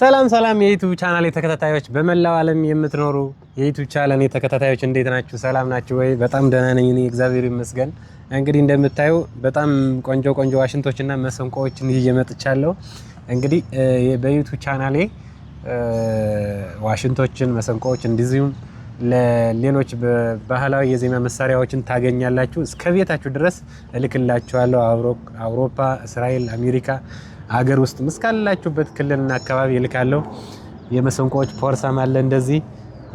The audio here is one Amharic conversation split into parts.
ሰላም ሰላም የዩቱብ ቻናል ተከታታዮች፣ በመላው ዓለም የምትኖሩ የዩቱብ ቻናል ተከታታዮች እንዴት ናችሁ? ሰላም ናችሁ ወይ? በጣም ደህና ነኝ እኔ እግዚአብሔር ይመስገን። እንግዲህ እንደምታዩ በጣም ቆንጆ ቆንጆ ዋሽንቶችና መሰንቆዎችን ይዤ መጥቻለሁ። እንግዲህ በዩቱብ ቻናሌ ዋሽንቶችን፣ መሰንቆዎች እንዲሁም ለሌሎች ባህላዊ የዜማ መሳሪያዎችን ታገኛላችሁ። እስከ ቤታችሁ ድረስ እልክላችኋለሁ። አውሮፓ፣ እስራኤል፣ አሜሪካ ሀገር ውስጥ እስካላችሁበት ክልልና አካባቢ ይልካለሁ። የመሰንቆዎች ፖርሳም አለ እንደዚህ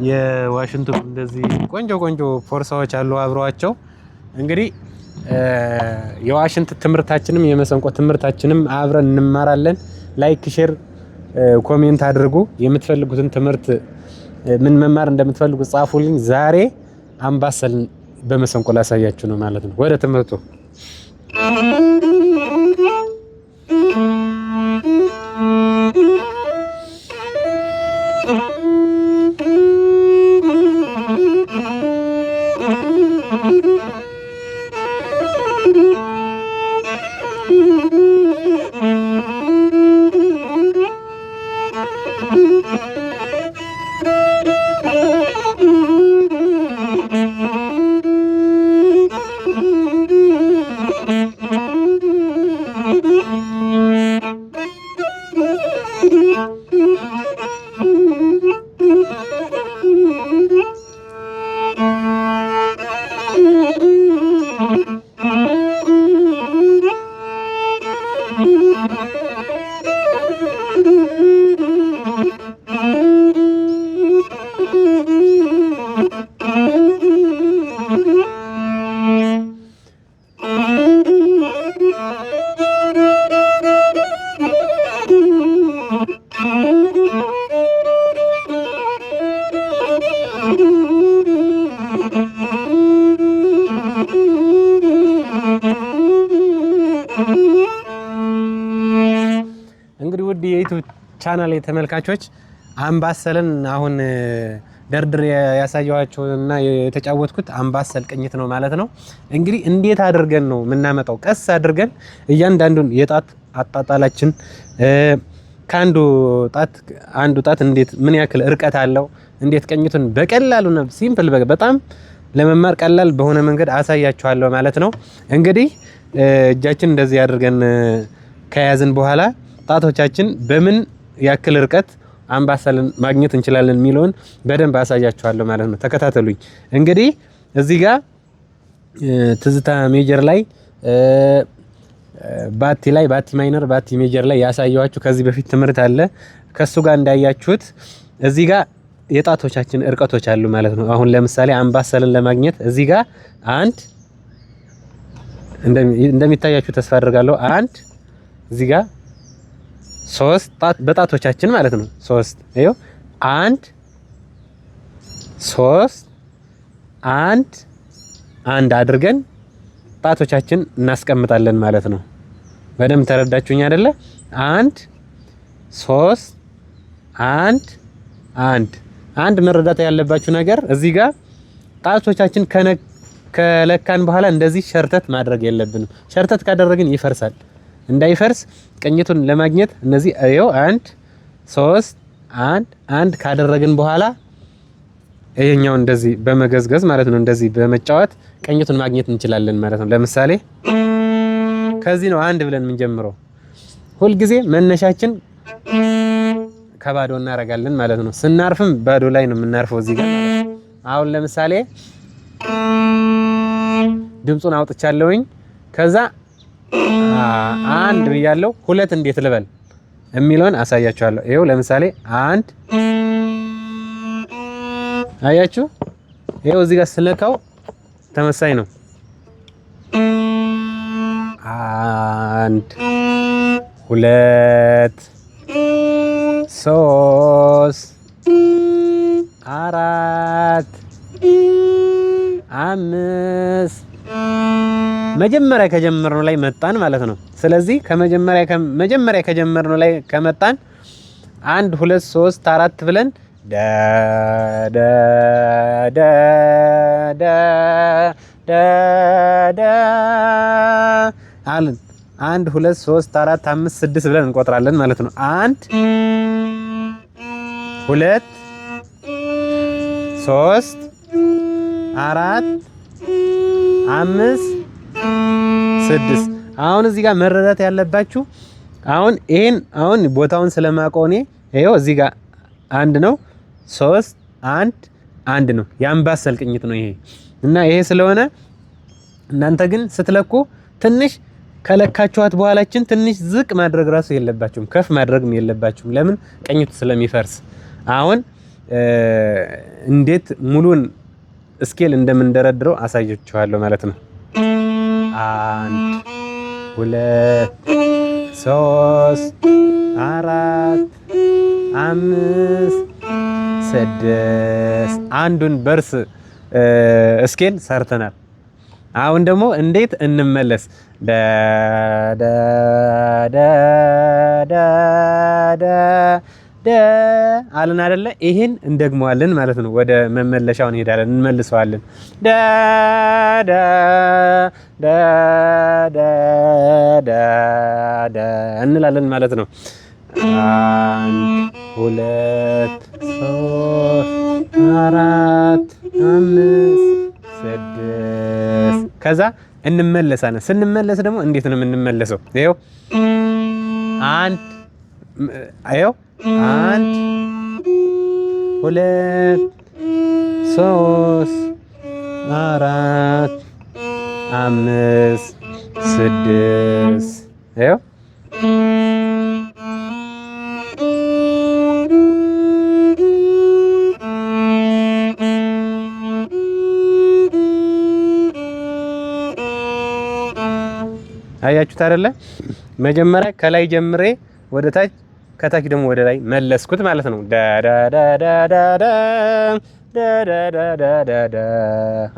የዋሽንቱ እንደዚህ ቆንጆ ቆንጆ ፖርሳዎች አሉ አብረዋቸው። እንግዲህ የዋሽንት ትምህርታችንም የመሰንቆ ትምህርታችንም አብረን እንማራለን። ላይክ፣ ሼር፣ ኮሜንት አድርጉ። የምትፈልጉትን ትምህርት ምን መማር እንደምትፈልጉ ጻፉልኝ። ዛሬ አምባሰልን በመሰንቆ ላሳያችሁ ነው ማለት ነው ወደ ትምህርቱ mm-hmm. ቻናል ተመልካቾች አምባሰልን አሁን ደርድር እና የተጫወትኩት አምባሰል ቅኝት ነው ማለት ነው። እንግዲህ እንዴት አድርገን ነው የምናመጣው? ቀስ አድርገን እያንዳንዱን የጣት አጣጣላችን ከአንዱ ጣት አንዱ ጣት እንዴት ምን ያክል እርቀት አለው፣ እንዴት ቅኝቱን ነው ሲምፕል በጣም ለመማር ቀላል በሆነ መንገድ አሳያችኋለሁ ማለት ነው። እንግዲህ እጃችን እንደዚህ አድርገን ከያዝን በኋላ ጣቶቻችን በምን ያክል ርቀት አምባሰልን ማግኘት እንችላለን የሚለውን በደንብ አሳያችኋለሁ ማለት ነው። ተከታተሉኝ። እንግዲህ እዚህ ጋር ትዝታ ሜጀር ላይ ባቲ ላይ ባቲ ማይነር ባቲ ሜጀር ላይ ያሳየዋችሁ ከዚህ በፊት ትምህርት አለ። ከሱ ጋር እንዳያችሁት እዚህ ጋር የጣቶቻችን እርቀቶች አሉ ማለት ነው። አሁን ለምሳሌ አምባሰልን ለማግኘት እዚህ ጋር አንድ እንደሚታያችሁ ተስፋ አድርጋለሁ። አንድ እዚህ ጋር ሶስት በጣቶቻችን ማለት ነው። ሶስት ይኸው አንድ ሶስት አንድ አንድ አድርገን ጣቶቻችን እናስቀምጣለን ማለት ነው። በደንብ ተረዳችሁኝ አይደለ? አንድ ሶስት አንድ አንድ አንድ መረዳት ያለባችሁ ነገር እዚህ ጋር ጣቶቻችን ከነክ ከለካን በኋላ እንደዚህ ሸርተት ማድረግ የለብንም። ሸርተት ካደረግን ይፈርሳል። እንዳይፈርስ ቅኝቱን ለማግኘት እነዚህ ይኸው አንድ ሶስት አንድ አንድ ካደረግን በኋላ ይሄኛው እንደዚህ በመገዝገዝ ማለት ነው። እንደዚህ በመጫወት ቅኝቱን ማግኘት እንችላለን ማለት ነው። ለምሳሌ ከዚህ ነው አንድ ብለን የምንጀምረው። ሁልጊዜ መነሻችን ከባዶ እናደርጋለን ማለት ነው። ስናርፍም ባዶ ላይ ነው የምናርፈው እዚህ ጋር። አሁን ለምሳሌ ድምፁን አውጥቻለሁኝ ከዛ አንድ ብያለሁ። ሁለት እንዴት ልበል የሚለውን አሳያችኋለሁ። ይኸው ለምሳሌ አንድ አያችሁ፣ ይኸው እዚህ ጋር ስለካው ተመሳይ ነው። አንድ ሁለት ሶስት አራት አምስት መጀመሪያ ከጀመርነው ላይ መጣን ማለት ነው። ስለዚህ ከመጀመሪያ ከመጀመሪያ ከጀመርነው ላይ ከመጣን አንድ ሁለት ሶስት አራት ብለን ደ ደ ደ ደ ደ ደ አለን። አንድ ሁለት ሶስት አራት አምስት ስድስት ብለን እንቆጥራለን ማለት ነው። አንድ ሁለት ሶስት አራት አምስት ስድስት አሁን እዚህ ጋር መረዳት ያለባችሁ አሁን ይሄን አሁን ቦታውን ስለማቆኔ እኔ እዚህ ጋር አንድ ነው ሶስት አንድ አንድ ነው የአምባሰል ቅኝት ነው ይሄ እና ይሄ ስለሆነ እናንተ ግን ስትለኩ ትንሽ ከለካችኋት በኋላችን ትንሽ ዝቅ ማድረግ ራሱ የለባችሁም ከፍ ማድረግም የለባችሁም ለምን ቅኝቱ ስለሚፈርስ አሁን እንዴት ሙሉን ስኬል እንደምንደረድረው አሳያችኋለሁ ማለት ነው አንድ ሁለት ሶስት አራት አምስት ስድስት አንዱን በርስ እስኬል ሰርተናል። አሁን ደግሞ እንዴት እንመለስ? ደ ደ አለን አይደለ? ይሄን እንደግመዋለን ማለት ነው። ወደ መመለሻው እንሄዳለን፣ እንመልሰዋለን። ደ ደ ደ ደ ደ እንላለን ማለት ነው። አንድ ሁለት ሶስት አራት አምስት ስድስት ከዛ እንመለሳለን። ስንመለስ ደግሞ እንዴት ነው የምንመለሰው? ይኸው አንድ ይኸው አንድ ሁለት ሶስት አራት አምስት ስድስት ይኸው አያችሁት አይደለ? መጀመሪያ ከላይ ጀምሬ ወደ ታች ከታች ደግሞ ወደ ላይ መለስኩት ማለት ነው። ዳዳዳዳዳዳ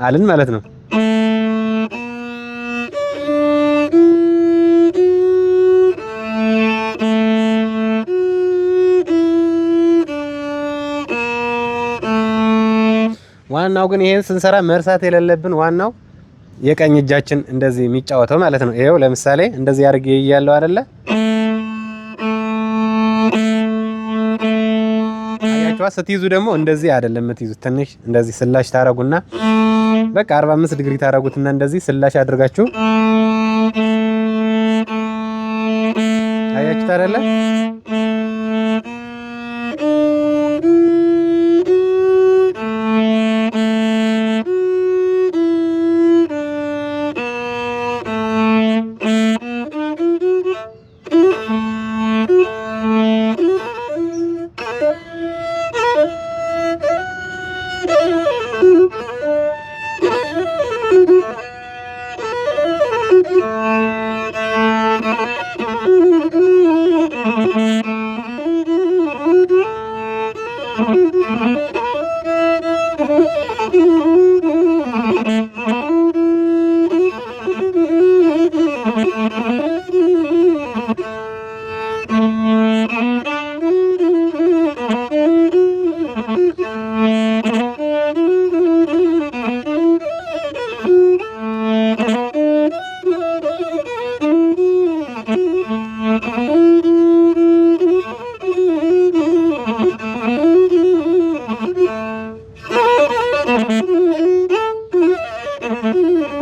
አልን ማለት ነው። ዋናው ግን ይሄን ስንሰራ መርሳት የሌለብን ዋናው የቀኝ እጃችን እንደዚህ የሚጫወተው ማለት ነው። ይሄው ለምሳሌ እንደዚህ አድርጌ እያለው አይደለ አያችኋት። ስትይዙ ደግሞ እንደዚህ አይደለም የምትይዙት። ትንሽ እንደዚህ ስላሽ ታረጉና በቃ 45 ዲግሪ ታረጉትና እንደዚህ ስላሽ አድርጋችሁ አያችሁት አይደለ Música hum.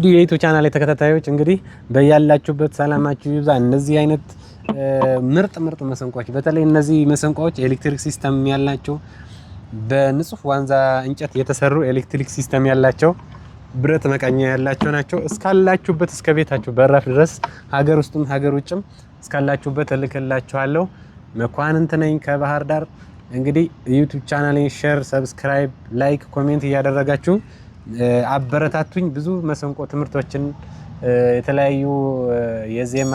ውድ የኢትዮ ቻናል ተከታታዮች እንግዲህ በያላችሁበት ሰላማችሁ ይብዛ። እነዚህ አይነት ምርጥ ምርጥ መሰንቋዎች በተለይ እነዚህ መሰንቋዎች ኤሌክትሪክ ሲስተም ያላቸው በንጹህ ዋንዛ እንጨት የተሰሩ ኤሌክትሪክ ሲስተም ያላቸው ብረት መቃኛ ያላቸው ናቸው። እስካላችሁበት እስከ ቤታችሁ በራፍ ድረስ ሀገር ውስጥም ሀገር ውጭም እስካላችሁበት እልክላችኋለሁ። መኳንንት ነኝ ከባህር ዳር። እንግዲህ ዩቱብ ቻናሌን ሼር፣ ሰብስክራይብ፣ ላይክ፣ ኮሜንት እያደረጋችሁ አበረታቱኝ። ብዙ መሰንቆ ትምህርቶችን፣ የተለያዩ የዜማ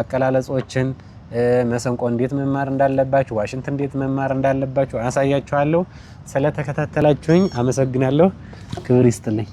አቀላለጾችን፣ መሰንቆ እንዴት መማር እንዳለባችሁ፣ ዋሽንት እንዴት መማር እንዳለባችሁ አሳያችኋለሁ። ስለተከታተላችሁኝ አመሰግናለሁ። ክብር ይስጥልኝ።